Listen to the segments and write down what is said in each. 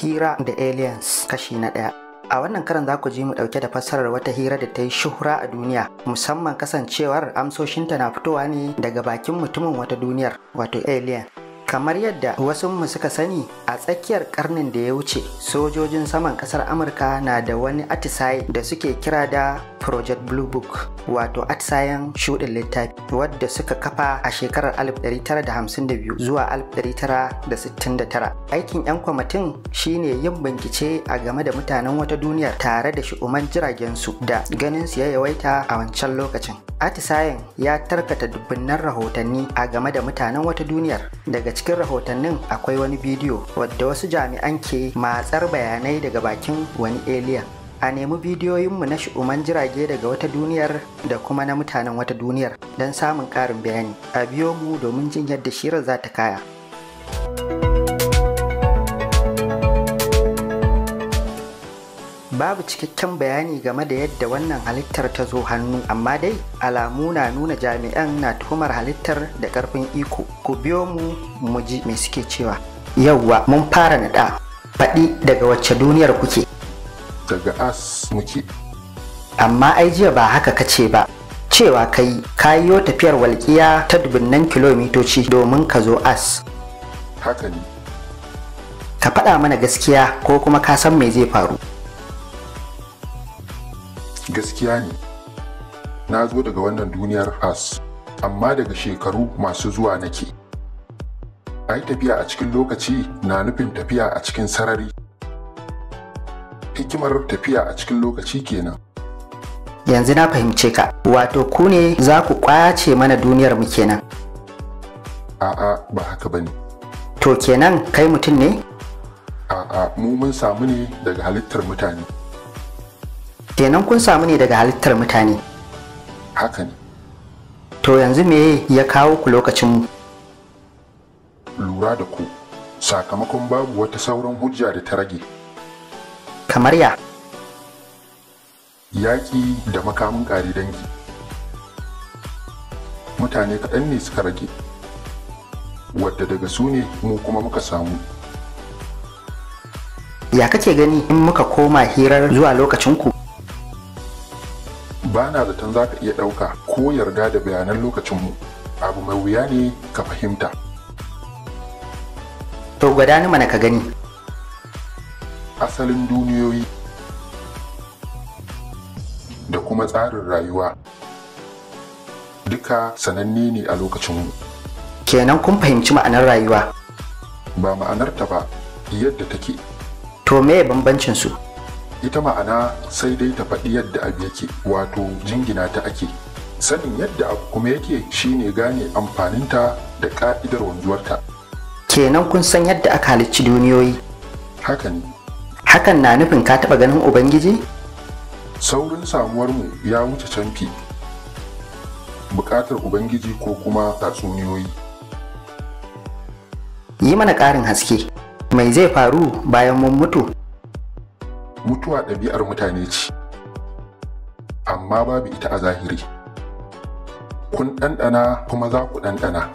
hira da aliens kashi na ɗaya a wannan karan za ku ji mu ɗauke da fassarar wata hira da ta yi shuhura a duniya musamman kasancewar amsoshinta na fitowa ne daga bakin mutumin wata duniyar wato alien kamar yadda wasu mu suka sani a tsakiyar karnin da ya wuce sojojin saman kasar amurka na da wani atisaye da suke kira da project blue book wato atisayen shuɗin littafi wadda suka kafa a shekarar 1952 zuwa 1969 aikin 'yan kwamitin shine yin bincike a game da mutanen wata duniyar tare da shi'uman su da ganin su ya yawaita a wancan lokacin atisayen ya tarkata dubbinan rahotanni a game da mutanen wata duniyar daga cikin rahotannin akwai wani bidiyo wadda wasu jami'an ke matsar bayanai daga bakin wani alien a nemi bidiyoyinmu na shi'uman jirage daga wata duniyar da kuma na mutanen wata duniyar don samun ƙarin bayani a biyo mu domin jin yadda shirar za ta kaya babu cikakken bayani game da yadda wannan halittar ta zo hannu amma dai alamu na nuna jami'an na tuhumar halittar da karfin iko ku biyo mu mu ji me suke cewa yauwa mun fara naɗa faɗi daga wacce duniyar kuke daga as muke amma ai jiya ba haka kace ba cewa kai kayo tafiyar walƙiya ta dubunnan kilomitoci domin ka zo as haka ne ka faɗa mana gaskiya ko kuma ka san me zai faru gaskiya ne na zo daga wannan duniyar fas amma daga shekaru masu zuwa nake a yi tafiya a cikin lokaci na nufin tafiya a cikin sarari hikimar tafiya a cikin lokaci kenan yanzu na fahimce ka wato ku ne za ku kwace mana duniyar mu kenan a'a ba haka ba ne to kenan kai mutum ne a'a mu mun samu ne daga halittar mutane kenan kun samu ne daga halittar mutane haka ne to yanzu me ya kawo ku lokacin mu lura da ku sakamakon babu wata sauran hujja da ta rage kamar ya yaƙi da makamin ƙari dangi mutane kaɗan ne suka rage wadda daga su ne mu kuma muka samu ya kake gani in muka koma hirar zuwa lokacinku ba na zaton za ka iya ɗauka ko yarda da bayanan lokacinmu abu mai wuya ne ka fahimta to gwada ni mana ka gani asalin duniyoyi da kuma tsarin rayuwa duka sananne ne a lokacinmu kenan kun fahimci ma'anar rayuwa ba ma'anarta ba yadda take to me bambancin su ita ma'ana sai dai ta faɗi yadda abu yake wato jingina ta ake sanin yadda abu kuma yake shine gane amfaninta da ka'idar wanzuwarta kenan kun san yadda aka halicci duniyoyi haka ne hakan na nufin ka taɓa ganin ubangiji saurin samuwarmu ya wuce canfi buƙatar ubangiji ko kuma tatsuniyoyi yi mana ƙarin haske mai zai faru bayan mun mutu mutuwa ɗabi'ar mutane ce amma babu ita a zahiri kun ɗanɗana kuma za ku ɗanɗana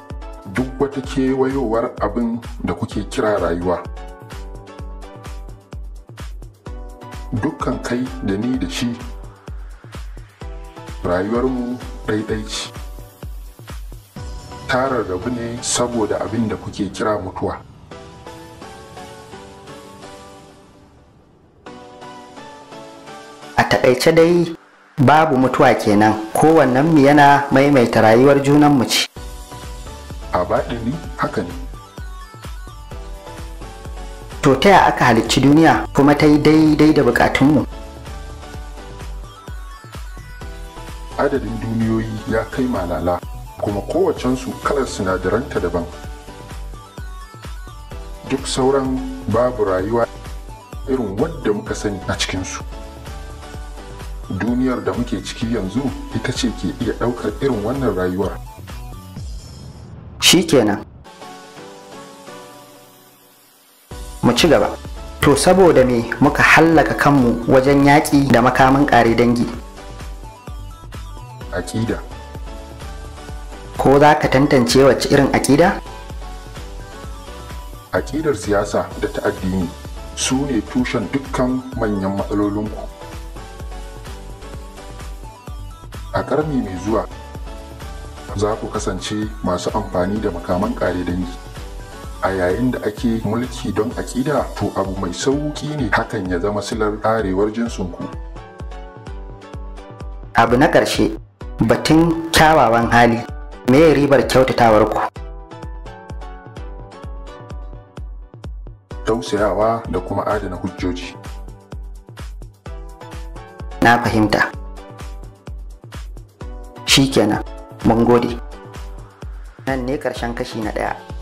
duk wata kewayowar abin da kuke kira rayuwa dukkan kai da ni da shi Rayuwar rayuwarmu ɗaiɗaici tarar rabu ne saboda abin da kuke kira mutuwa takaice dai babu mutuwa kenan kowannen mu yana maimaita rayuwar junan mu ce a baɗi ne haka ne to ta aka halicci duniya kuma ta yi daidai da bukatun mu adadin duniyoyi ya kai malala kuma kowacensu kalar sinadaranta daban duk sauran babu rayuwa irin wadda muka sani a cikinsu duniyar da muke ciki yanzu ita ce ke iya ɗaukar irin wannan rayuwar shikenan mu ci gaba to saboda me muka hallaka kanmu wajen yaƙi da makamin ƙare dangi aƙida ko za ka tantance wacce irin aƙida aƙidar siyasa da ta addini su ne tushen dukkan manyan matsalolinku a ƙarni mai zuwa za ku kasance masu amfani da makaman ƙare dangi a yayin da ake mulki don aƙida to abu mai sauƙi ne hakan ya zama silar ƙarewar jinsinku abu na ƙarshe batun kyawawan hali me ribar kyautatawar ku? tausayawa da kuma adana hujjoji na fahimta shikenan mun gode nan ne ƙarshen kashi na ɗaya